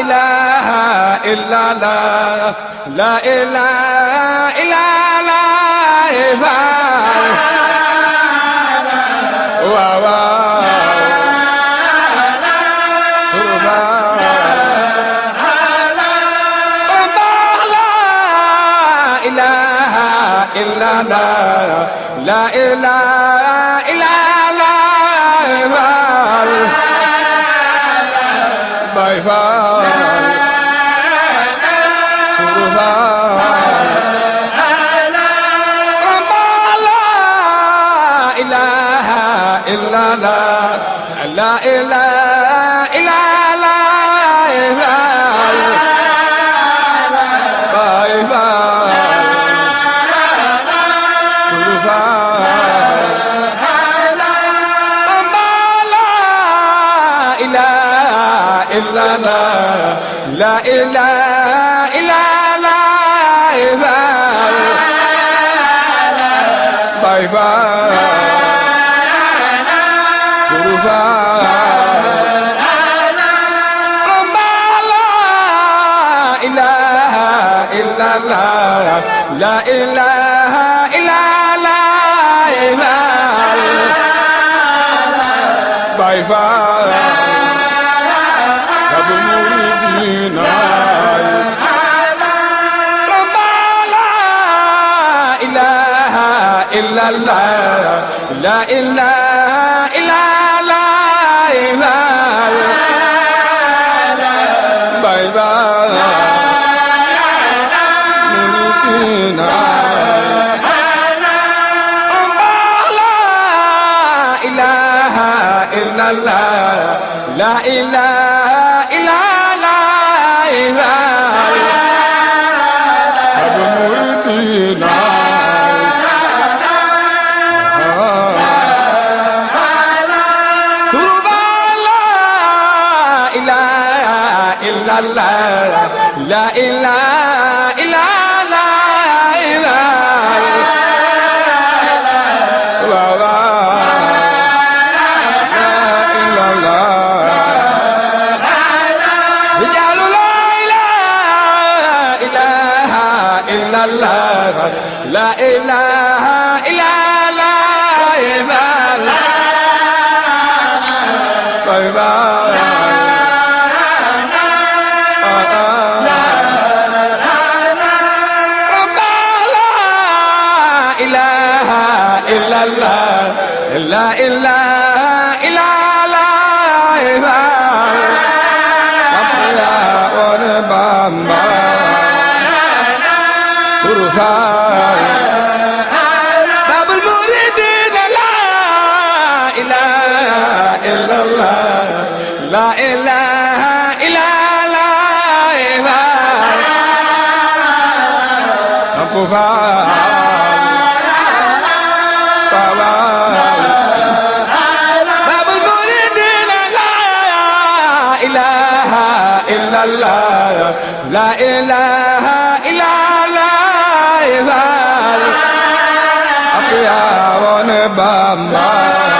إله إلا لا لا إله إلا لا واو إلا لا لا إله إلا لا la ilaha لا إله إلا الله بايفا لا إله إلا الله بايفا إلا الله لا إله إلا لا إله باي باي لا إله إلا الله لا إله لا إله إلا La ilaha bu faal baabul muridiina laa ilaaha illallaah ilaaha illallaah faal ak yaawoon Bamba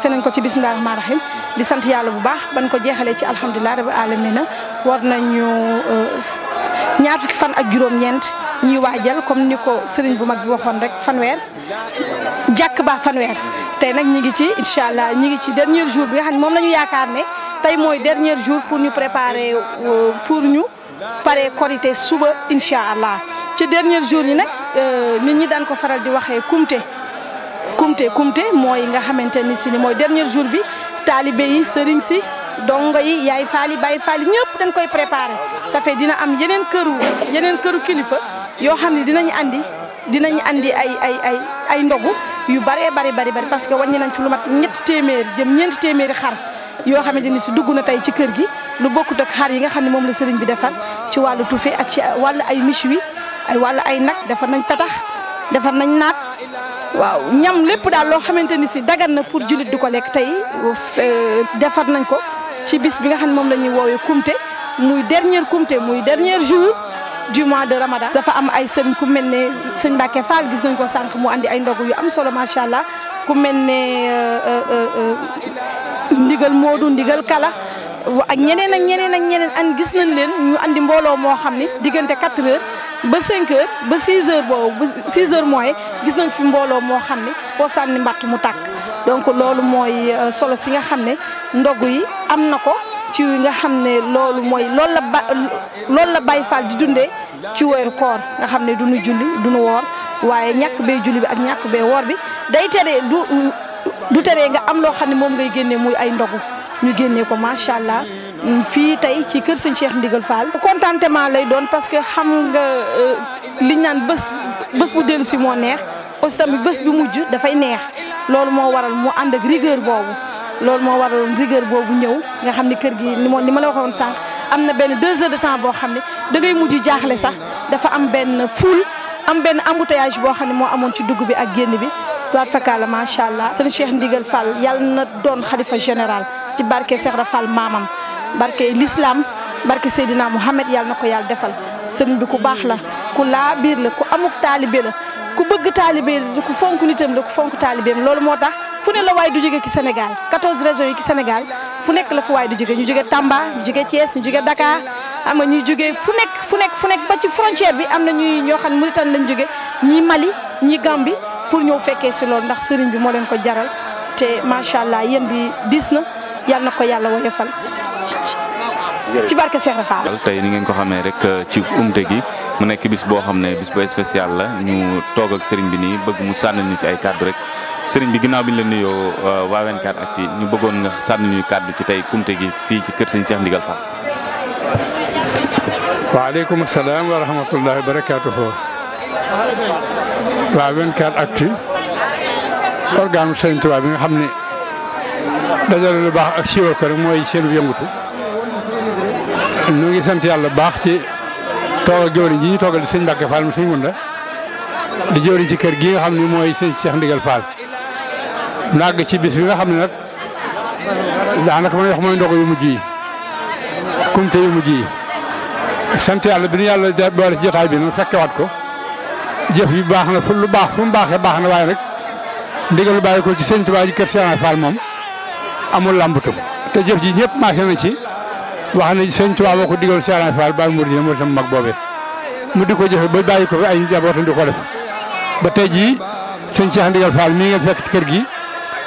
commencé ko ci bisimilah rahmaan rahim di sant yàlla bu baax ban ko jeexalee ci alhamdulilah rabi alamina war ñu euh, ñaar fan ak juróom-ñeent ñuy waajal comme ni ko sëriñ bu mag bi waxoon rek fanweer jàkk ba fanweer tey nag ñi ngi ci incha allah ñi ngi ci dernier jour bi nga moom nañu ñu yaakaar ne tey mooy dernier jour pour ñu préparer euh, pour ñu pare korité suba incha allah ci dernier jour yi nag euh, nit ñi daan ko faral di waxee kumte kumte kumte mooy nga xamante ni si ni mooy dernier jour bi taalibe yi sëriñ si dongo yi yaay faali baay faali ñëpp dañ koy préparé ça dina am yeneen këru yeneen këru kilifa yoo xam ne dinañ andi dinañ andi ay ay ay ay ndogu yu baree bari bari bari parce que wàññi nañ fi lu mat ñett téeméer jëm ñeenti téeméeri xar yoo xamante ni si dugg na tey ci kër gi lu bokkut ak xar yi nga xam ne moom la sëriñ bi defar ci wàllu tufe ak ci wàllu ay miche wi ay ay nag defar nañ petax defar nañ naat waaw ñam lépp daal loo xamante ni si dagan na pour julit di ko lekk tey defar nañ ko ci bis bi nga xam ne moom la ñuy woowee kumte muy dernier kumte muy dernier jour du mois de Ramadan. dafa am ay sëñ ku mel ne sëñ Mbacke Fall gis nañ ko sànq mu andi ay ndogu yu am solo macha allah ku mel ne euh, euh, euh, ndigal moodu ndigal kala. ak ñeneen ak ñeneen ak ñeneen an gis nañ leen ñu andi mbooloo moo xam ni diggante 4 heures. ba 5 heures ba 6 heures boobu ba 6 heures mooy gis nañ fi mbooloo moo xam ne foo sànni mbatt mu tàkk donc loolu mooy euh, solo si nga xam ne ndogu yi am na ko ci nga xam ne loolu mooy loolu la ba loolu la Baye Fall di dundee ci weeru koor nga xam ne du ñu julli du ñu woor waaye ñàkk bee julli bi ak ñàkk bee woor bi day tere du du tere nga am loo xam ne moom ngay génnee muy ay ndogu ñu génnee ko macha allah. fii tey ci kër sëñ Cheikh Ndigal Fall. contentement lay doon parce que xam nga euh, liñ naan bés bés bu dellu si moo neex aussi tamit bés bi mujj dafay neex loolu moo waral mu ànd ak rigueur boobu. loolu moo waraloon rigueur boobu ñëw nga xam ne kër gi ni ma ni ma la waxoon sànq am na benn deux heures de temps boo xam ne da ngay mujj jaaxle sax dafa am benn foule am benn embouteillage boo xam ne moo amoon ci dugg bi ak génn bi doot fakkaala macha allah. sëñ Cheikh Ndigal Fall yàlla na doon xalifa général ci barke Cheikh Fall maamam. barke l'islam barke Seydina Mouhamed yàlla na ko yàlla defal sëriñ bi ku baax la ku laa biir la ku amuk taalibee la ku bëgg taalibee la ku fonk nitam la ku fonk taalibeem loolu moo tax fu ne la waay du jóge ci Sénégal 14 régions yi ci Sénégal fu nekk la fu waay du jóge ñu jóge Tamba ñu jóge Thiès ñu jóge Dakar am na ñuy jóge fu nekk fu nekk fu nekk ba ci frontière bi am na ñuy ñoo xam ne Mauritanie lañ jóge ñii Mali ñii Gambie pour ñëw fekkee si loolu ndax sëriñ bi moo leen ko jaral te macha allah yéen bi diis na. yal na ko yàlla woyofal ci barke a Rafaal. tey ni ngeen ko xamee rek euh, ci umte gi mu nekk bis boo xam ne bis bu spécial la ñu toog ak sëriñ bi nii bëgg mu sànni ci ay kàddu rek sëriñ bi ginnaaw bi ñu la nuyoo euh, waa 24actu ñu bëggoon nga sànni ñu ci tey umte gi fii ci kër sëñ Cheikh Ndigal Fall. waaleykum salaam wa rahmatulah wa barakaatu. waa 24 nga xam ne dajale lu baax ak siiwal kër rek mooy seenu yëngutu ñu ngi sant yàlla baax ci toogal jëwriñ ji ñu toogal di sëñ Mbàkke Fall mu sëñ Munda di jëwriñ ci kër gi nga xam ne mooy sëñ Cheikh Ndigal Fall nag ci bis bi nga xam ne nag daanaka mën a wax mooy ndogu yu mujj yi kumte yu mujj yi sant yàlla bi nu yàlla boole ci jotaay bi nu waat ko jëf yi baax na fu lu baax fu mu baaxee baax na waaye nag ndigal lu bàyyi ko ci sëñ Tuubaa ji kër Cheikh Fall moom amul lambatu te jëf ji ñëpp maase na ci wax na sëñ Tuubaa moo ko digal Serigne Fall Baay Mourideen mag boobee mu di ko jëfe ba bàyyi ko fi ay njabootam di ko def ba tey ji sëñ Cheikh Ndigal Fall mi ngeen fekk ci kër gi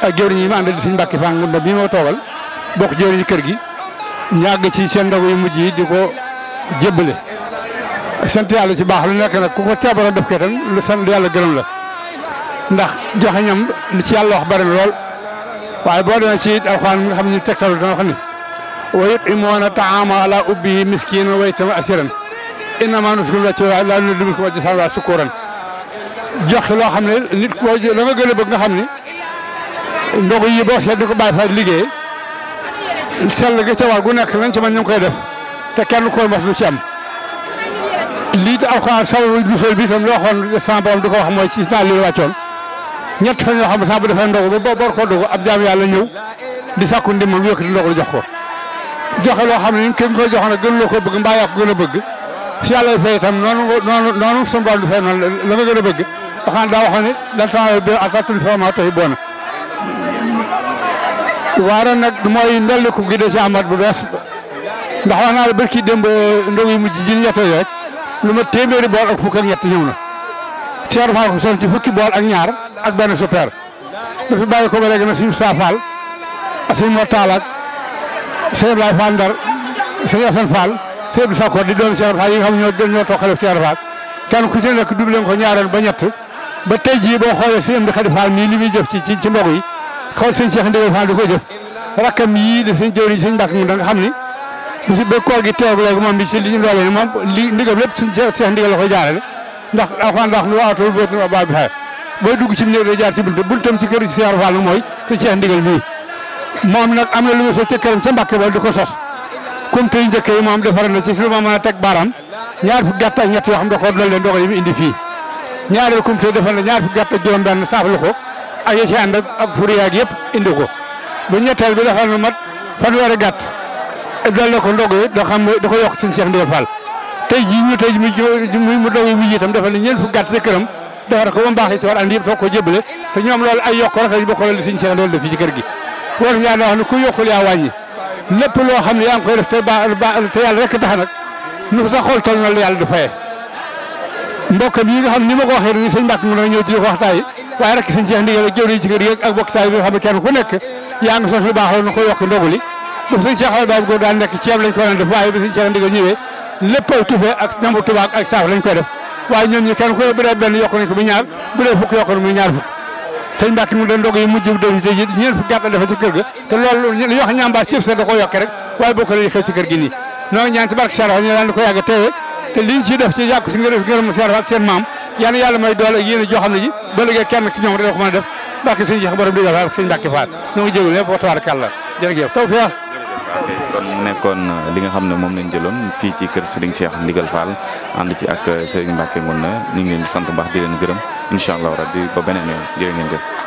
ak jëwriñ yi ma àndal di suñ mbàkki fànn bi bii moo toogal bokk jëwriñ kër gi ñu àgg ci seen ndogu yu mujj yi di ko jébbale sant yàlla ci baax lu nekk nag ku ko ceebaroon def kee tam lu sant yàlla gërëm la ndax joxe ñam ci yàlla wax bari lool. waaye boo demee ci alxuraan mi nga xam ne tegtalu dana wax ni wa yut'imuuna ta'aama ala ubbihi miskiinan wa yatiiman wa asiiran innamaa nutimukum lillaahi laa nuriidu minkum jazaan wa laa shukuuran jox loo xam ne nit boo la nga gën a bëgg nga xam ni ndogu yi boo seet ko bàyyi fa liggéey sell ga ca war gu nekk lañ ci man ñu koy def te kenn koy mos lu ci am lii te alxuraan sababu lu sol bi tam loo xoon sama borom di ko wax mooy naa li wàccoon ñett fan yoo xam ne saa bu defee ndogu ba boo boor koo dogu ab jaam yàlla ñëw di sàkku ndimbal mu yëkkati ndogu jox ko joxe loo xam ne ñun kenn koy jox nag gën loo bëgg mbaa yaa gën a bëgg si yàlla fay itam noonu noonu noonu suñu borom di fay noonu la nga gën a bëgg waxaan daa wax ne lan temps bi attatul fama taxi boona waara nag mooy ndolliku gi de si amat bu bees ndax wax naa la bërki démb ndogu yi mujj ji ñett rek lu ma téeméeri bool ak fukk ak ñett ñëw na seer faa ko son ci fukki bool ak ñaar ak benn super bi fi ko ba léegi nag suñu saafaal ak suñu mortaal ak sëñ Ablaye Fall Ndar sëñ di doon Cheikh Fall yi nga xam ñoo ñoo toog xale si Cheikh ku ci nekk doublé ko ñaareel ba ñett ba tey jii boo xoolee sëñ Amdi Khady Fall mii li muy jëf ci ci ci mbokk yi xool sëñ seex Ndege Fall di ko jëf rakkam yii di sëñ jëwriñ sëñ Mbàkke mu da nga xam ni bu si ba koor gi teew léegi moom bi ci li ñu doole moom li ndigam lépp sëñ Cheikh Ndigal la koy jaarale nu waatul bootu bi xaye booy dugg ci néeg day jaar ci bunt bunt tam ci kër Cheikh Fall ci Cheikh ndigal mii moom nag am na lu mu sos ca këram ca Mbàkke ba di ko sos comme tey njëkk yi moom defar na ci fi ma mën a teg baaraam ñaar fukki gàtt ak ñett yoo xam da ko doon leen dogal yi mu indi fii ñaareel comme tey defar na ñaar fukki gàtt ak juróom-benn saaflu ko ak ya ci ànd ak furiya ak yëpp indi ko ba ñetteel bi defar na mat fanweeri gàtt dal na ko ndog yi da xam da ko yokk suñu Cheikh Ndigal Fall tey jii ñu tey mu mu dog yi mu gàtt ca këram defar ko ba mu baax li ci war andi yëpp soog ko jébale te ñoom loolu ay yokk rek lañ bokk loolu suñu seen loolu def xam ne yaa ngi koy def te baax te yàlla rek xam ni ma ko waxee nii sëñ Mbàkke mu na ñëw ci ne kenn ku nekk yaa ngi sos lu baax loolu na ko yokk ndoguli bu sëñ Cheikh Awa Baye Góor daan nekk ceeb ñëwee lépp tufe ak ñambu tubaab ak saaf lañ koy def waaye ñoom ñi kenn ku bu dee benn yokku nañ ko bu ñaar bu dee fukk yokku nañ ñaar fukk sëñ Mbàkke mu den ndog yi mujj def def seen maam yàlla yàlla may doole ak yéen a joo xam ne ji ba liggéey feex ok kon mu nekkoon li nga xam ne moom lañ jëloom fii ci kër Serigne Cheikh Ndigal faal ànd ci ak Serigne Mbacke Ngouna ñu ngi leen sant baax di leen gërëm incha allah rabbi ba beneen yoon jërë ngeen jëf.